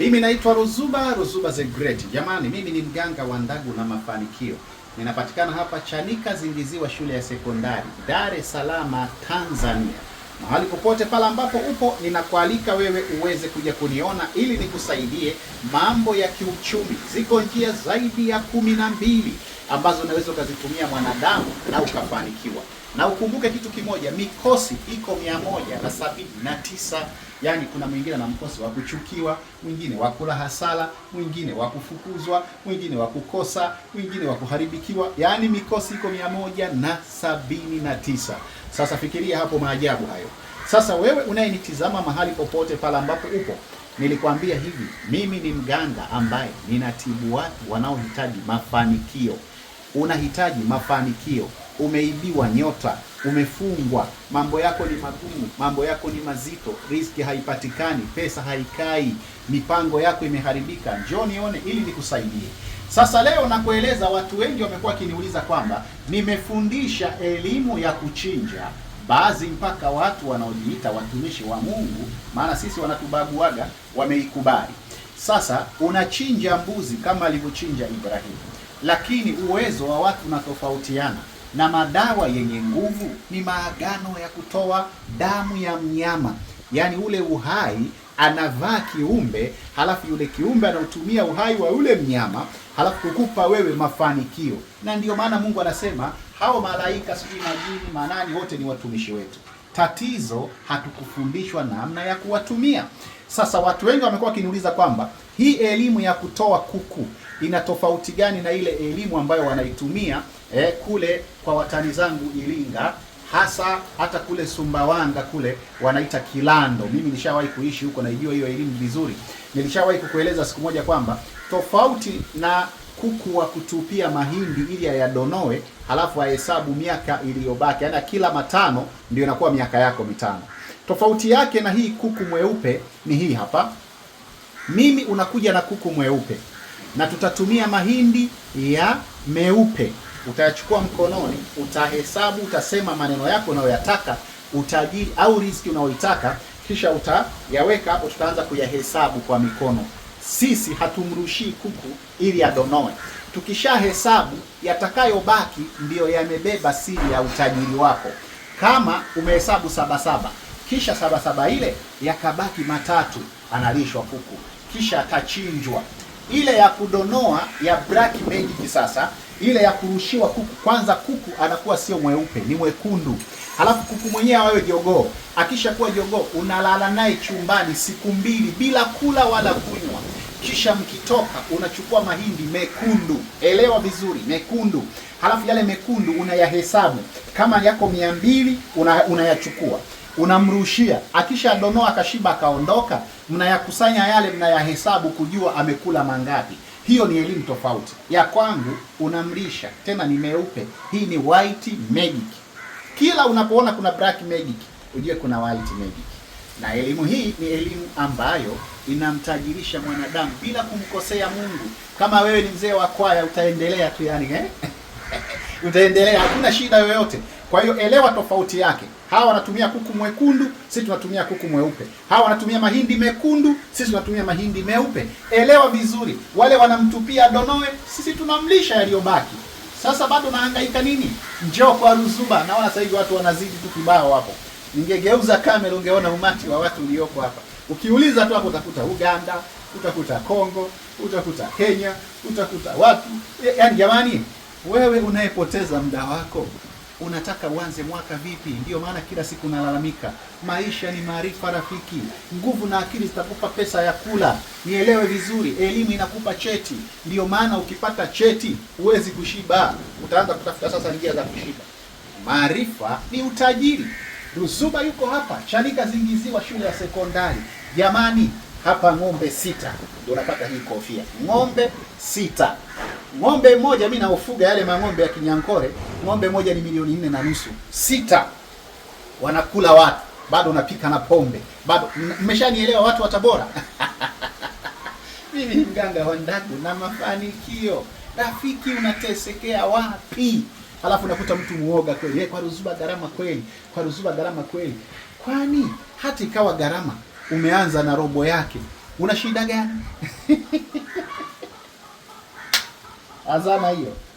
Mimi naitwa Ruzuba, Ruzuba the Great. Jamani, mimi ni mganga wa ndagu na mafanikio. Ninapatikana hapa Chanika Zingiziwa, shule ya sekondari, Dar es Salaam, Tanzania. Mahali popote pale ambapo upo, ninakualika wewe uweze kuja kuniona ili nikusaidie mambo ya kiuchumi. Ziko njia zaidi ya kumi na mbili ambazo unaweza ukazitumia mwanadamu na ukafanikiwa. Na ukumbuke kitu kimoja, mikosi iko mia moja na sabini na tisa. Yaani kuna mwingine na mkosi wa kuchukiwa, mwingine wa kula hasara, mwingine wa kufukuzwa, mwingine wa kukosa, mwingine wa kuharibikiwa. Yaani mikosi iko mia moja na sabini na tisa. Sasa fikiria hapo maajabu hayo. Sasa wewe unayenitizama mahali popote pale ambapo upo, nilikwambia hivi, mimi ni mganga ambaye ninatibu watu wanaohitaji mafanikio unahitaji mafanikio. Umeibiwa nyota, umefungwa, mambo yako ni magumu, mambo yako ni mazito, riski haipatikani, pesa haikai, mipango yako imeharibika, njoo nione ili nikusaidie. Sasa leo nakueleza, watu wengi wamekuwa wakiniuliza kwamba nimefundisha elimu ya kuchinja baadhi mpaka watu wanaojiita watumishi wa Mungu, maana sisi wanatubaguaga, wameikubali sasa unachinja mbuzi kama alivyochinja Ibrahimu, lakini uwezo wa watu unatofautiana, na madawa yenye nguvu ni maagano ya kutoa damu ya mnyama, yaani ule uhai anavaa kiumbe, halafu yule kiumbe anautumia uhai wa yule mnyama, halafu kukupa wewe mafanikio. Na ndiyo maana Mungu anasema hao malaika, sijui majini, manani, wote ni watumishi wetu. Tatizo hatukufundishwa namna ya kuwatumia. Sasa watu wengi wamekuwa wakiniuliza kwamba hii elimu ya kutoa kuku ina tofauti gani na ile elimu ambayo wanaitumia eh, kule kwa watani zangu Iringa, hasa hata kule Sumbawanga kule wanaita kilando. Mimi nishawahi kuishi huko, naijua hiyo elimu vizuri. Nilishawahi kukueleza siku moja kwamba tofauti na kuku wa kutupia mahindi ili ayadonoe, halafu ahesabu miaka iliyobaki. Yaani kila matano ndio inakuwa miaka yako mitano. Tofauti yake na hii kuku mweupe ni hii hapa, mimi unakuja na kuku mweupe na tutatumia mahindi ya meupe. Utayachukua mkononi, utahesabu, utasema maneno yako unayoyataka, utajiri au riziki unayoitaka, kisha utayaweka hapo. Tutaanza kuyahesabu kwa mikono sisi hatumrushii kuku ili adonoe. hesabu yatakayobaki ndiyo yamebeba siri ya utajiri wako. Kama umehesabu sabasaba, kisha sabasaba ile yakabaki matatu, analishwa kuku, kisha atachinjwa. Ile ya kudonoa ya black magic sasa, ile ya kurushiwa kuku, kwanza kuku anakuwa sio mweupe, ni mwekundu. Halafu kuku mwenyewe awe jogoo. Akishakuwa jogoo, unalala naye chumbani siku mbili bila kula wala kunywa kisha mkitoka unachukua mahindi mekundu, elewa vizuri, mekundu. Halafu yale mekundu unayahesabu kama yako mia mbili, unayachukua unamrushia, akishadonoa akashiba akaondoka, mnayakusanya yale, mnayahesabu kujua amekula mangapi. Hiyo ni elimu tofauti. Ya kwangu unamlisha, tena ni meupe. Hii ni white magic. Kila unapoona kuna black magic, ujue kuna white magic na elimu hii ni elimu ambayo inamtajirisha mwanadamu bila kumkosea Mungu. Kama wewe ni mzee wa kwaya utaendelea tu yani, eh? utaendelea, hakuna shida yoyote. Kwa hiyo elewa tofauti yake. Hawa wanatumia kuku mwekundu, sisi tunatumia kuku mweupe. Hawa wanatumia mahindi mekundu, sisi tunatumia mahindi meupe. Elewa vizuri, wale wanamtupia Donoe, sisi tunamlisha yaliyobaki. Sasa bado naangaika nini? Njoo kwa Ruzuba, naona sasa hivi watu wanazidi tu kibao hapo. Ningegeuza kamera, ungeona umati wa watu ulioko hapa. Ukiuliza tu hapo utakuta Uganda, utakuta Kongo, utakuta Kenya, utakuta watu. Yaani jamani, wewe unayepoteza muda wako unataka uanze mwaka vipi? ndio maana kila siku nalalamika, maisha ni maarifa rafiki. Nguvu na akili zitakupa pesa ya kula. Nielewe vizuri, elimu inakupa cheti. ndio maana ukipata cheti huwezi kushiba, utaanza kutafuta sasa njia za kushiba. Maarifa ni utajiri rusuba yuko hapa, Chanika zingiziwa shule ya sekondari. Jamani, hapa ng'ombe sita ndio unapata hii kofia. Ng'ombe sita. Ng'ombe moja mimi naofuga yale mang'ombe ya Kinyankore, ng'ombe moja ni milioni nne na nusu. Sita wanakula watu, bado unapika na pombe, bado mmeshanielewa watu wa Tabora. Mimi mganga wa ndagu na mafanikio. Rafiki, unatesekea wapi? Halafu unakuta mtu muoga kweli, yeye kwa ruzuba gharama kweli, kwa ruzuba gharama kweli. Kwani hata ikawa gharama umeanza na robo yake, una shida gani? azana hiyo.